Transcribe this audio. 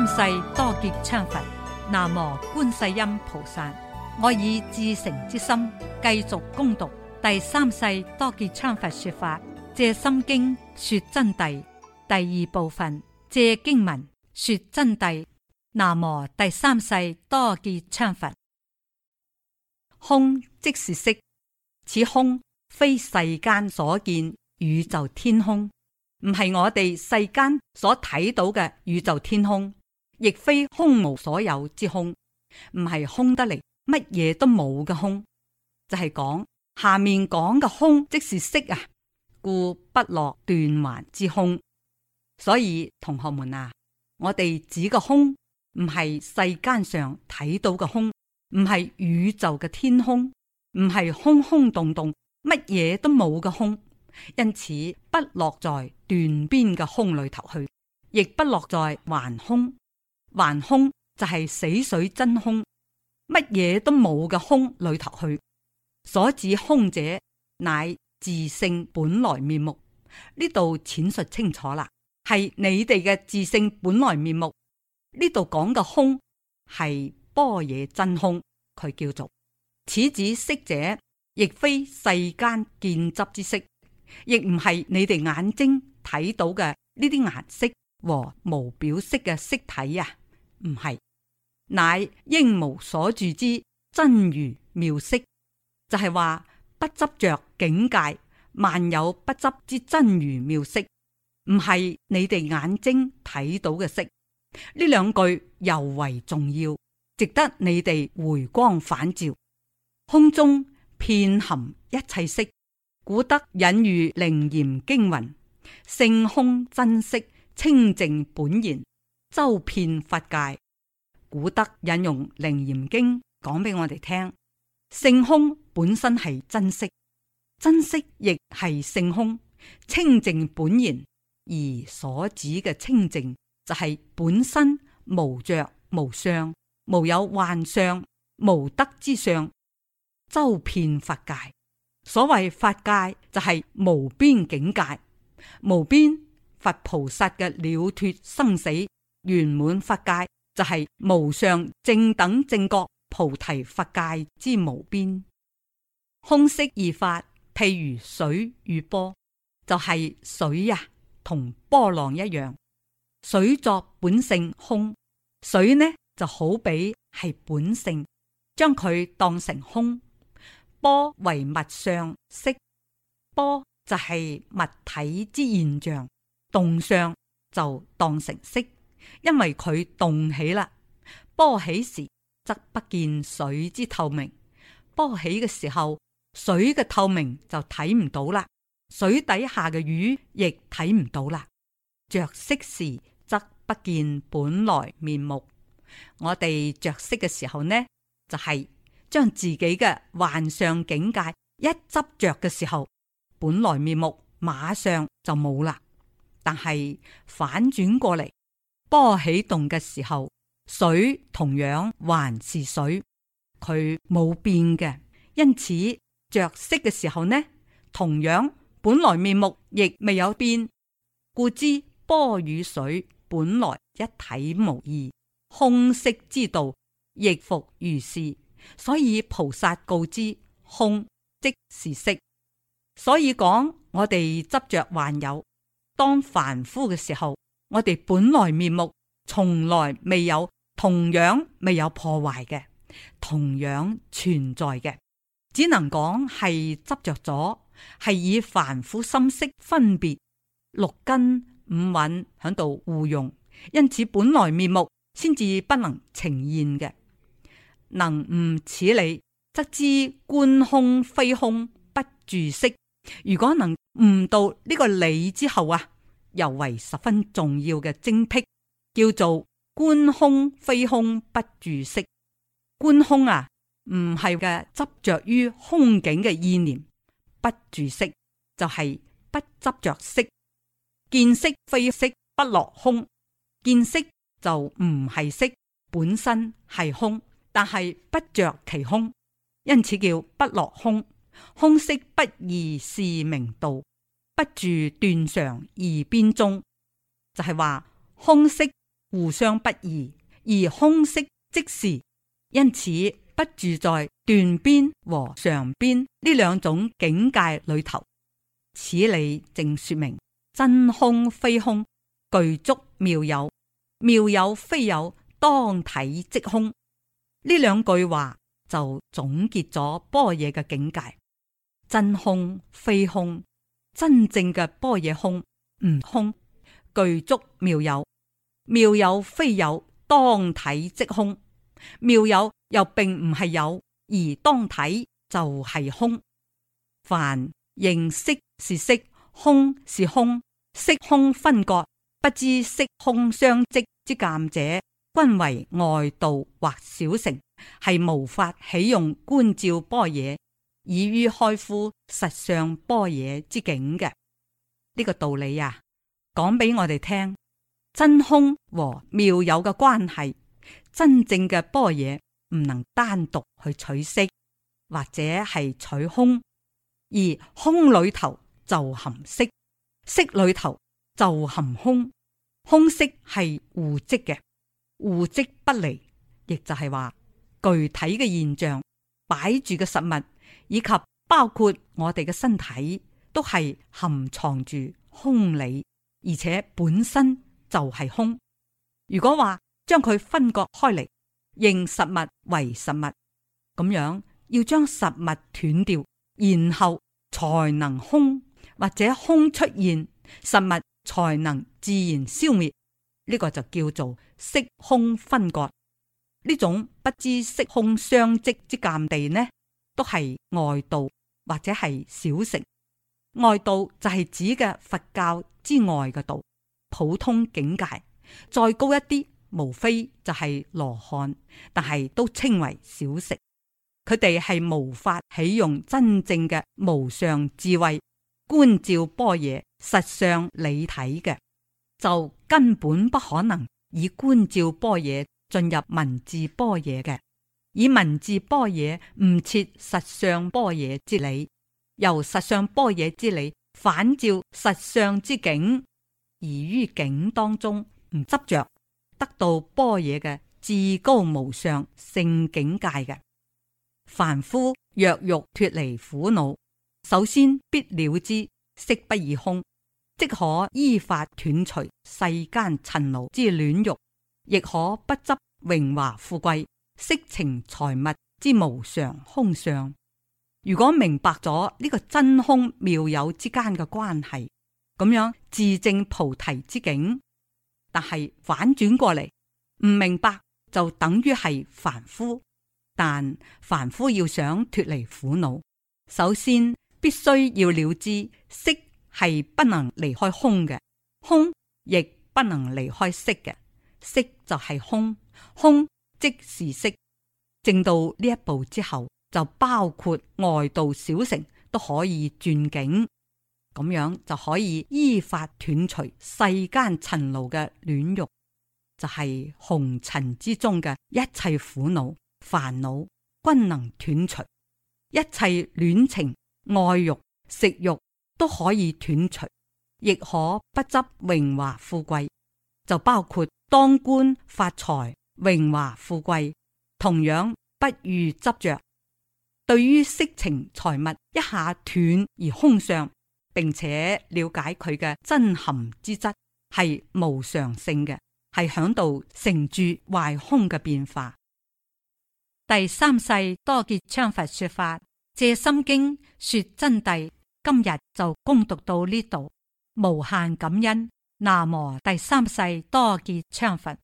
三世多杰羌佛，南無觀世音菩薩。我以至誠之心，繼續攻讀第三世多杰羌佛說法《借心經》說真諦第二部分《借經文說真諦》，南無第三世多杰羌佛。空即是色，此空非世間所見宇宙天空，唔係我哋世間所睇到嘅宇宙天空。亦非空無所有之空，唔係空得嚟乜嘢都冇嘅空，就係講下面講嘅空，即是色啊，故不落斷環之空。所以同學們啊，我哋指個空唔係世間上睇到嘅空，唔係宇宙嘅天空，唔係空空洞洞乜嘢都冇嘅空，因此不落在斷邊嘅空裏頭去，亦不落在環空。還空就係、是、死水真空，乜嘢都冇嘅空裏頭去。所指空者，乃自性本來面目。呢度闡述清楚啦，係你哋嘅自性本來面目。呢度講嘅空係般若真空，佢叫做此指色者，亦非世間見執之色，亦唔係你哋眼睛睇到嘅呢啲顏色和無表色嘅色體啊。唔係，乃應無所住之真如妙色，就係、是、話不執着境界，萬有不執之真如妙色，唔係你哋眼睛睇到嘅色。呢兩句尤為重要，值得你哋回光返照。空中遍含一切色，古德隱喻靈驗經文，性空真色，清淨本然。周遍法界，古德引用《楞嚴經》講俾我哋聽，性空本身係真色，真色亦係性空，清淨本然。而所指嘅清淨就係本身無着無相，無有幻相，無德之相。周遍法界，所謂法界就係無邊境界，無邊佛菩薩嘅了脫生死。圓滿法界就係、是、無上正等正覺菩提法界之無邊空色二法，譬如水與波，就係、是、水啊，同波浪一樣。水作本性空，水呢就好比係本性，將佢當成空。波為物相色，波就係物體之現象，動相就當成色。因為佢動起啦，波起時則不見水之透明。波起嘅時候，水嘅透明就睇唔到啦，水底下嘅魚亦睇唔到啦。着色時則不見本來面目。我哋着色嘅時候呢，就係、是、將自己嘅幻上境界一執着嘅時候，本來面目馬上就冇啦。但係反轉過嚟。波起動嘅時候，水同樣還是水，佢冇變嘅。因此着色嘅時候呢，同樣本來面目亦未有變，故知波與水本來一體無二。空色之道亦復如是，所以菩薩告知：空即是色。所以講，我哋執着幻有，當凡夫嘅時候。我哋本來面目從來未有，同樣未有破壞嘅，同樣存在嘅，只能講係執着咗，係以凡夫心識分別六根五蘊喺度互用，因此本來面目先至不能呈現嘅。能悟此理，則知觀空非空，不住色。如果能悟到呢個理之後啊。尤為十分重要嘅精辟，叫做觀空非空不住色。觀空啊，唔係嘅執着於空境嘅意念，不住色就係不執着色。見色非色不落空，見色就唔係色，本身係空，但係不着其空，因此叫不落空。空色不二是明道。不住斷常而邊中，就係話空色互相不異，而空色即是，因此不住在斷邊和常邊呢兩種境界裏頭。此理正說明真空非空，具足妙有，妙有非有，當體即空。呢兩句話就總結咗般若嘅境界，真空非空。真正嘅般若空，唔空，具足妙有，妙有非有，當體即空。妙有又並唔係有，而當體就係空。凡認識是色，空是空，色空分割，不知色空相即之鑒者，均為外道或小乘，係無法起用觀照般若。以於開敷實相般若之境嘅，呢、這個道理呀、啊，講俾我哋聽真空和妙有嘅關係，真正嘅般若唔能單獨去取色或者係取空，而空裏頭就含色，色裏頭就含空，空色係互即嘅，互即不離，亦就係話具體嘅現象擺住嘅實物。以及包括我哋嘅身體都係含藏住空理，而且本身就係空。如果話將佢分割開嚟，認實物為實物，咁樣要將實物斷掉，然後才能空或者空出現，實物才能自然消滅。呢、這個就叫做色空分割。呢種不知色空相即之鑒地呢？都係外道或者係小乘，外道就係指嘅佛教之外嘅道，普通境界再高一啲，無非就係羅漢，但係都稱為小乘。佢哋係無法起用真正嘅無上智慧觀照般若實相理體嘅，就根本不可能以觀照般若進入文字般若嘅。以文字般若唔切實相般若之理，由實相般若之理反照實相之境，而於境當中唔執着，得到般若嘅至高無上聖境界嘅。凡夫若欲脫離苦惱，首先必了知，色不異空，即可依法斷除世間塵勞之戀欲，亦可不執榮華富貴。色情財物之無常空相，如果明白咗呢個真空妙有之間嘅關係，咁樣自證菩提之境。但係反轉過嚟，唔明白就等於係凡夫。但凡夫要想脱離苦惱，首先必須要了知色係不能離開空嘅，空亦不能離開色嘅，色就係空，空。即是識正到呢一步之後，就包括外道小乘都可以轉境，咁樣就可以依法斷除世間塵勞嘅戀慾，就係、是、紅塵之中嘅一切苦惱煩惱，均能斷除；一切戀情、愛慾、食慾都可以斷除，亦可不執榮華富貴，就包括當官發財。榮華富貴同樣不予執着，對於色情財物一下斷而空上，並且了解佢嘅真含之質係無常性嘅，係響度成住壞空嘅變化。第三世多杰羌佛說法，借心經說真諦。今日就恭讀到呢度，無限感恩。南無第三世多杰羌佛。